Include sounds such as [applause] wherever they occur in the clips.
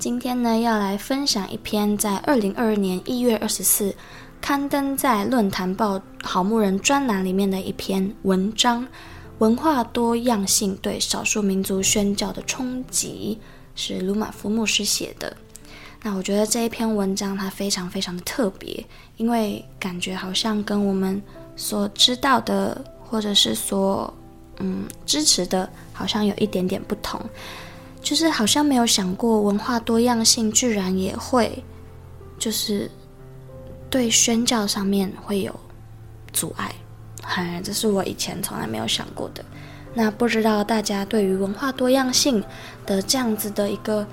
今天呢，要來分享一篇在二零二二年一月二十四日刊登在《論壇報》好牧人專欄裡面的一篇文章，《文化多樣性對少數民族宣教的衝擊》，是魯馬夫牧師寫的。那我覺得這一篇文章它非常非常的特別，因為感覺好像跟我們所知道的或者是所嗯支持的，好像有一點點不同。就是好像沒有想過文化多樣性居然也會，就是對宣教上面會有阻礙，哎，這是我以前從來沒有想過的。那不知道大家對於文化多樣性的這樣子的一個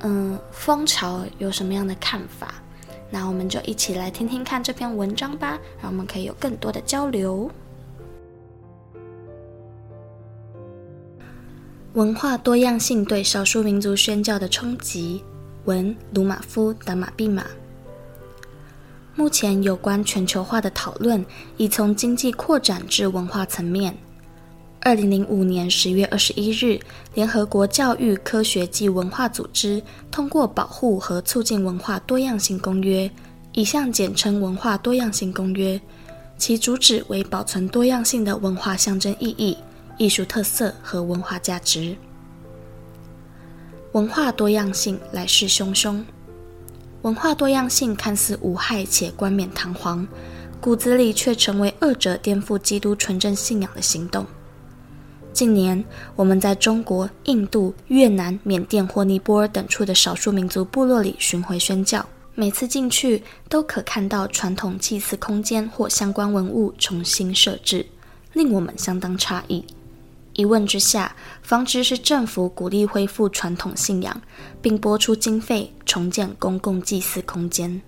嗯、呃、風潮有什麼樣的看法？那我們就一起來聽聽看這篇文章吧，然後我們可以有更多的交流。文化多樣性對少數民族宣教的衝擊。文魯瑪夫達瑪畢瑪。目前有關全球化的討論已從經濟擴展至文化層面。二零零五年十月二十一日，聯合國教育科學及文化組織通過《保護和促進文化多樣性公約》，以下簡稱《文化多樣性公約》，其主旨為保存多樣性的文化象徵意義。藝術特色和文化價值，文化多樣性來勢洶洶。文化多樣性看似無害且冠冕堂皇，骨子裡卻成為惡者顛覆基督純正信仰的行動。近年，我們在中國、印度、越南、緬甸或尼泊爾等處的少數民族部落裡巡迴宣教，每次進去都可看到傳統祭祀空間或相關文物重新設置，令我們相當詫異。一問之下，方知是政府鼓勵恢復傳統信仰，並撥出經費重建公共祭祀空間。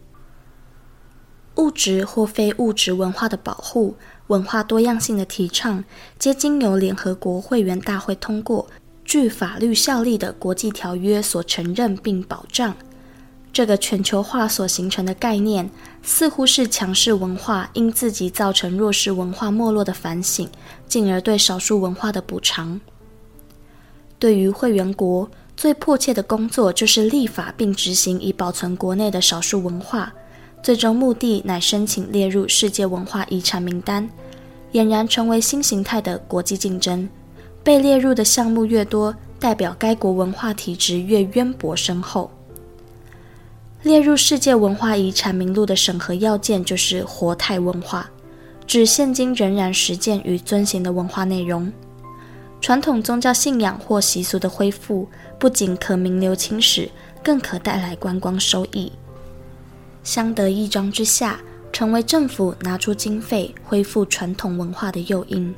物質或非物質文化的保護、文化多樣性的提倡，皆經由聯合國會員大會通過具法律效力的國際條約所承認並保障。這個全球化所形成的概念，似乎是強勢文化因自己造成弱勢文化沒落的反省，進而對少數文化的補償。對於會員國，最迫切的工作就是立法並執行，以保存國內的少數文化，最終目的乃申請列入世界文化遺產名單，儼然成為新形態的國際競爭。被列入的項目越多，代表該國文化體制越淵博深厚。列入世界文化遺產名錄的審核要件就是活態文化，指現今仍然實踐與遵循的文化內容。傳統宗教信仰或習俗的恢復，不僅可名留青史，更可帶來觀光收益，相得益彰之下，成為政府拿出經費恢復傳統文化的誘因。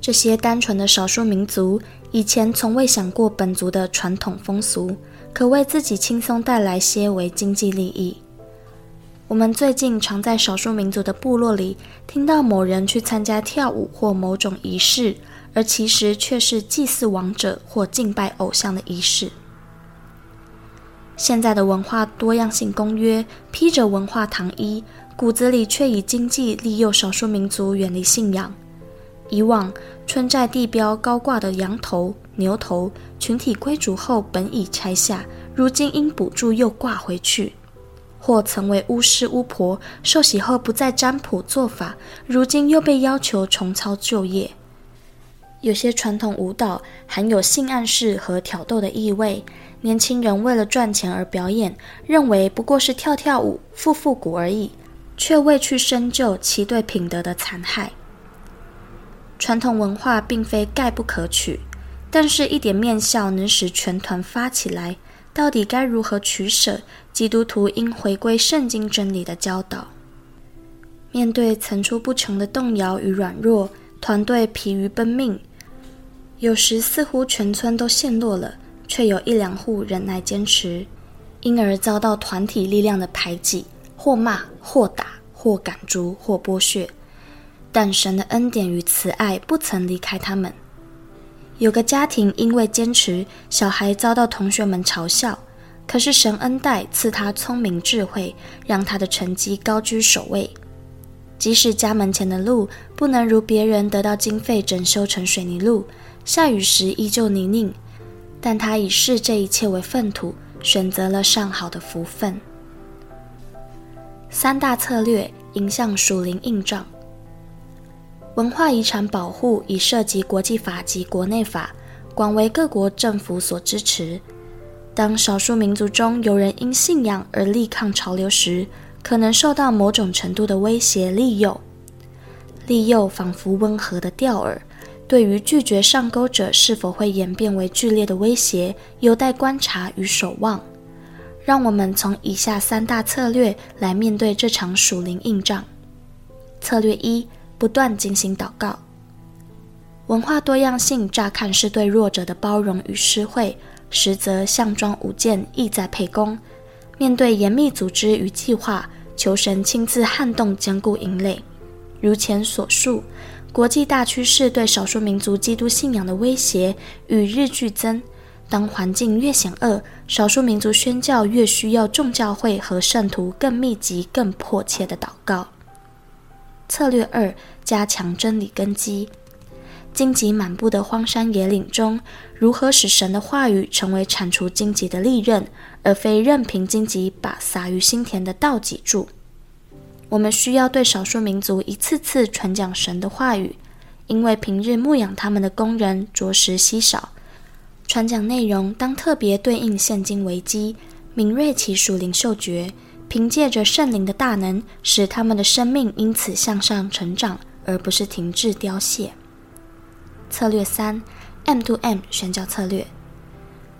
這些單純的少數民族，以前從未想過本族的傳統風俗。可為自己輕鬆帶來些微經濟利益。我們最近常在少數民族的部落裡聽到某人去參加跳舞或某種儀式，而其實卻是祭祀亡者或敬拜偶像的儀式。現在的文化多樣性公約披着文化糖衣，骨子裡卻以經濟利誘少數民族遠離信仰。以往村寨地標高掛的羊頭。牛頭群體歸族後，本已拆下，如今因補助又掛回去。或曾為巫師、巫婆，受洗後不再占卜做法，如今又被要求重操舊業。有些傳統舞蹈含有性暗示和挑逗的意味，年輕人為了賺錢而表演，認為不過是跳跳舞、復復古而已，卻未去深究其對品德的殘害。傳統文化並非概不可取。但是，一點麵酵能使全團發起來，到底該如何取捨？基督徒應回歸聖經真理的教導。面對層出不窮的動搖與軟弱，團隊疲於奔命，有時似乎全村都陷落了，卻有一兩戶忍耐堅持，因而遭到團體力量的排擠、或罵、或打、或趕逐、或剝削。但神的恩典與慈愛不曾離開他們。有個家庭因為堅持，小孩遭到同學們嘲笑。可是神恩待賜他聰明智慧，讓他的成績高居首位。即使家門前的路不能如別人得到經費整修成水泥路，下雨時依舊泥濘，但他已視這一切為糞土，選擇了上好的福分。三大策略迎向屬靈硬仗。文化遺產保護已涉及國際法及國內法，廣為各國政府所支持。當少數民族中有人因信仰而力抗潮流時，可能受到某種程度的威脅利誘。利誘仿佛溫和的釣餌，對於拒絕上鈎者是否會演變為劇烈的威脅，有待觀察與守望。讓我們從以下三大策略來面對這場屬靈硬仗。策略一。不斷進行禱告。文化多樣性乍看是對弱者的包容與施惠，實則項莊舞劍，意在沛公。面對嚴密組織與計劃，求神親自撼動堅固營壘。如前所述，國際大趨勢對少數民族基督信仰的威脅與日俱增。當環境越險惡，少數民族宣教越需要眾教會和聖徒更密集、更迫切的禱告。策略二：加強真理根基。荊棘滿布的荒山野嶺中，如何使神的話語成為鏟除荊棘的利刃，而非任憑荊棘把撒於心田的道擠住？我們需要對少數民族一次次傳講神的話語，因為平日牧養他們的工人着實稀少。傳講內容當特別對應現今危機，敏銳其屬靈嗅覺。憑借着聖靈的大能，使他們的生命因此向上成長，而不是停滯凋謝。策略三：M to M 宣教策略。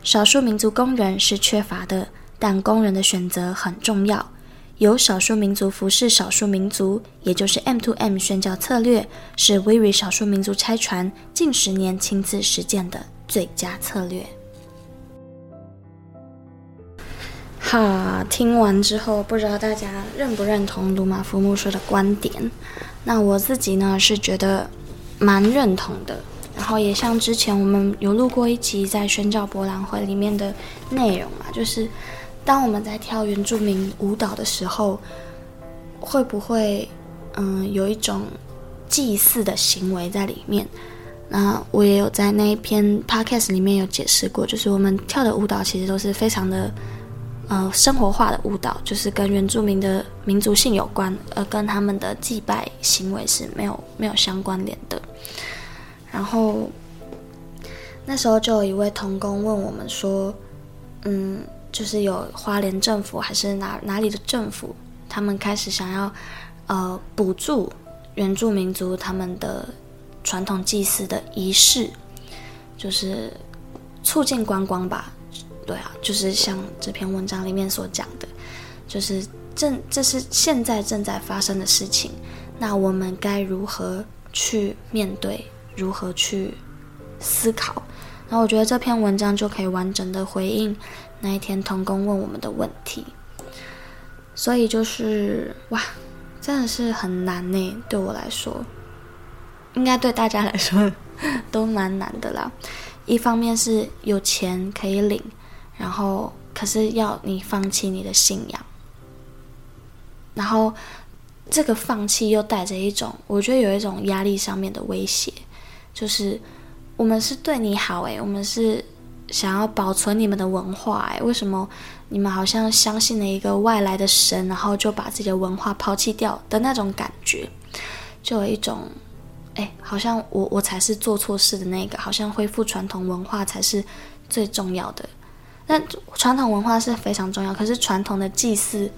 少數民族工人是缺乏的，但工人的選擇很重要。由少數民族服侍少數民族，也就是 M to M 宣教策略，是威瑞少數民族差傳近十年親自實踐的最佳策略。啊，聽完之後不知道大家認不認同魯瑪夫木說的觀點，那我自己呢是覺得蠻認同的。然後也像之前我們有錄過一集在宣教博覽會裡面的內容嘛，就是當我們在跳原住民舞蹈的時候，會不會嗯、呃、有一種祭祀的行為在裡面？那我也有在那一篇 podcast 裡面有解釋過，就是我們跳的舞蹈其實都是非常的。呃，生活化的舞蹈就是跟原住民的民族性有關，而，跟他們的祭拜行為是沒有沒有相關聯的。然後那時候就有一位同工問我們說，嗯，就是有花蓮政府還是哪哪裡的政府，他們開始想要呃補助原住民族他們的傳統祭祀的儀式，就是促進觀光吧。對啊，就是像這篇文章裡面所講的，就是正這是現在正在發生的事情，那我們該如何去面對？如何去思考？然後我覺得這篇文章就可以完整的回應那一天同工問我們的問題。所以就是哇，真的是很難呢，對我來說，應該對大家來說都蠻難的啦。一方面是有錢可以領。然後，可是要你放棄你的信仰，然後這個放棄又帶着一種，我覺得有一種壓力上面的威脅，就是我們是對你好哎，我們是想要保存你們的文化哎，為什麼你們好像相信了一個外來的神，然後就把自己的文化拋棄掉的那種感覺，就有一種哎，好像我我才是做錯事的那個，好像恢復傳統文化才是最重要的。那傳統文化是非常重要，可是傳統的祭祀、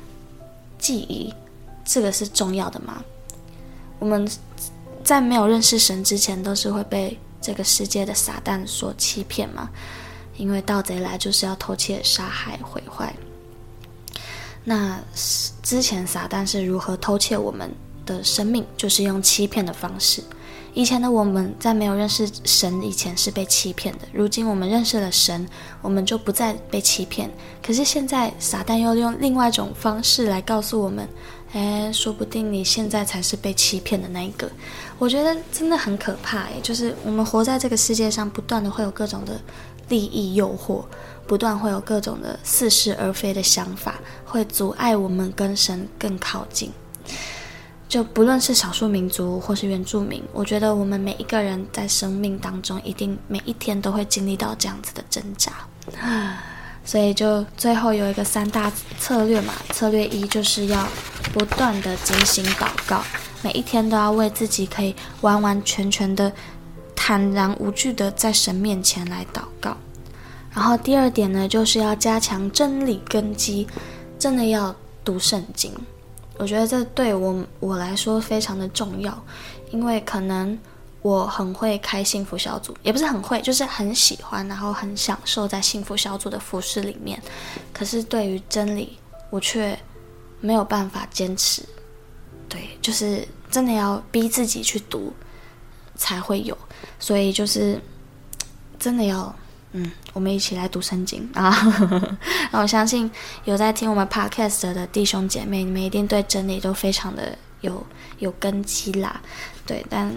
祭儀這個是重要的嗎？我們在沒有認識神之前，都是會被這個世界的撒旦所欺騙嗎？因為盜賊來就是要偷竊、殺害、毀壞。那之前撒旦是如何偷竊我們的生命？就是用欺騙的方式。以前的我們在沒有認識神以前是被欺騙的，如今我們認識了神，我們就不再被欺騙。可是現在撒旦又用另外一種方式來告訴我們：“誒，說不定你現在才是被欺騙的那一個。”我覺得真的很可怕。就是我們活在這個世界上，不斷的會有各種的利益誘惑，不斷會有各種的似是而非的想法，會阻礙我們跟神更靠近。就不論是少數民族，或是原住民，我覺得我們每一個人在生命當中，一定每一天都會經歷到這樣子的掙扎，所以就最後有一個三大策略嘛。策略一就是要不斷的進行禱告，每一天都要為自己可以完完全全的坦然無懼的在神面前來禱告。然後第二點呢，就是要加強真理根基，真的要讀聖經。我覺得這對我我來說非常的重要，因為可能我很會開幸福小組，也不是很會，就是很喜歡，然後很享受在幸福小組的服事裡面。可是對於真理，我卻沒有辦法堅持。對，就是真的要逼自己去讀，才會有。所以就是真的要。嗯，我們一起來讀聖經啊！ [laughs] 那我相信有在聽我們 podcast 的弟兄姐妹，你們一定對真理都非常的有有根基啦。對，但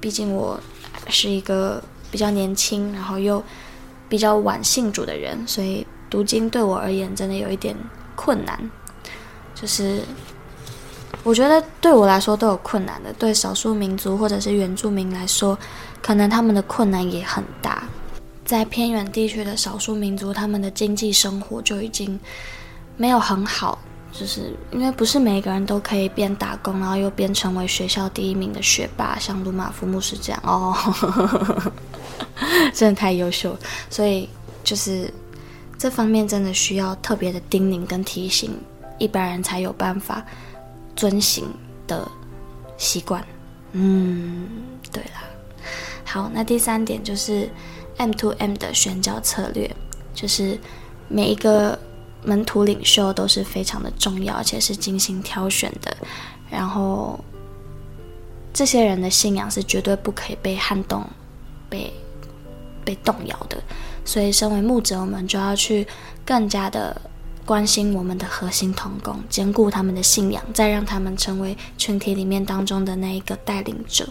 畢竟我是一個比較年輕，然後又比較晚信主的人，所以讀經對我而言真的有一點困難。就是我覺得對我來說都有困難的，對少數民族或者是原住民來說，可能他們的困難也很大。在偏遠地區的少數民族，他們的經濟生活就已經沒有很好，就是因為不是每個人都可以邊打工，然後又邊成為學校第一名的學霸，像魯馬夫牧師這樣哦，oh, [laughs] 真的太優秀，所以就是這方面真的需要特別的叮嚀跟提醒，一般人才有辦法遵循的習慣。嗯，對啦。好，那第三點就是 M to M 的宣教策略，就是每一個門徒領袖都是非常的重要，而且是精心挑選的。然後這些人的信仰是絕對不可以被撼動、被被動搖的。所以，身為牧者，我們就要去更加的關心我們的核心同工，堅固他們的信仰，再讓他們成為群體裡面當中的那一個帶領者。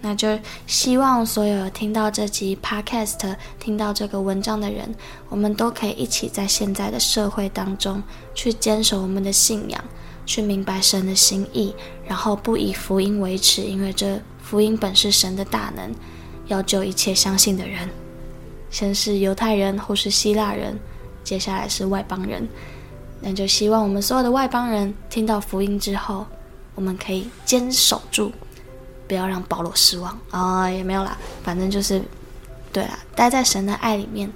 那就希望所有，有聽到這集 podcast、聽到這個文章的人，我們都可以一起在現在的社會當中去堅守我們的信仰，去明白神的心意，然後不以福音為恥，因為這福音本是神的大能，要救一切相信的人，先是猶太人，後是希臘人，接下來是外邦人。那就希望我們所有的外邦人聽到福音之後，我們可以堅守住。不要讓保羅失望啊，哦！也沒有啦，反正就是，對啊，待在神的愛裡面，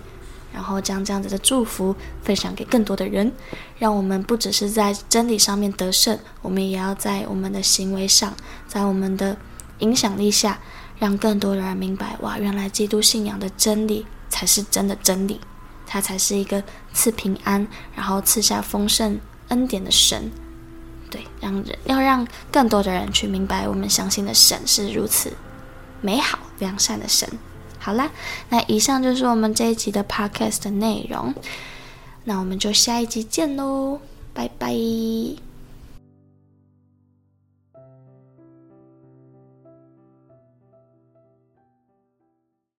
然後將這樣子的祝福分享給更多的人，讓我們不只是在真理上面得勝，我們也要在我們的行為上，在我們的影響力下，讓更多人明白哇，原來基督信仰的真理才是真的真理，他才是一個賜平安，然後賜下豐盛恩典的神。對，讓人要讓更多的人去明白，我們相信的神是如此美好良善的神。好啦，那以上就是我們這一集的 podcast 的內容，那我們就下一集見嘍，拜拜。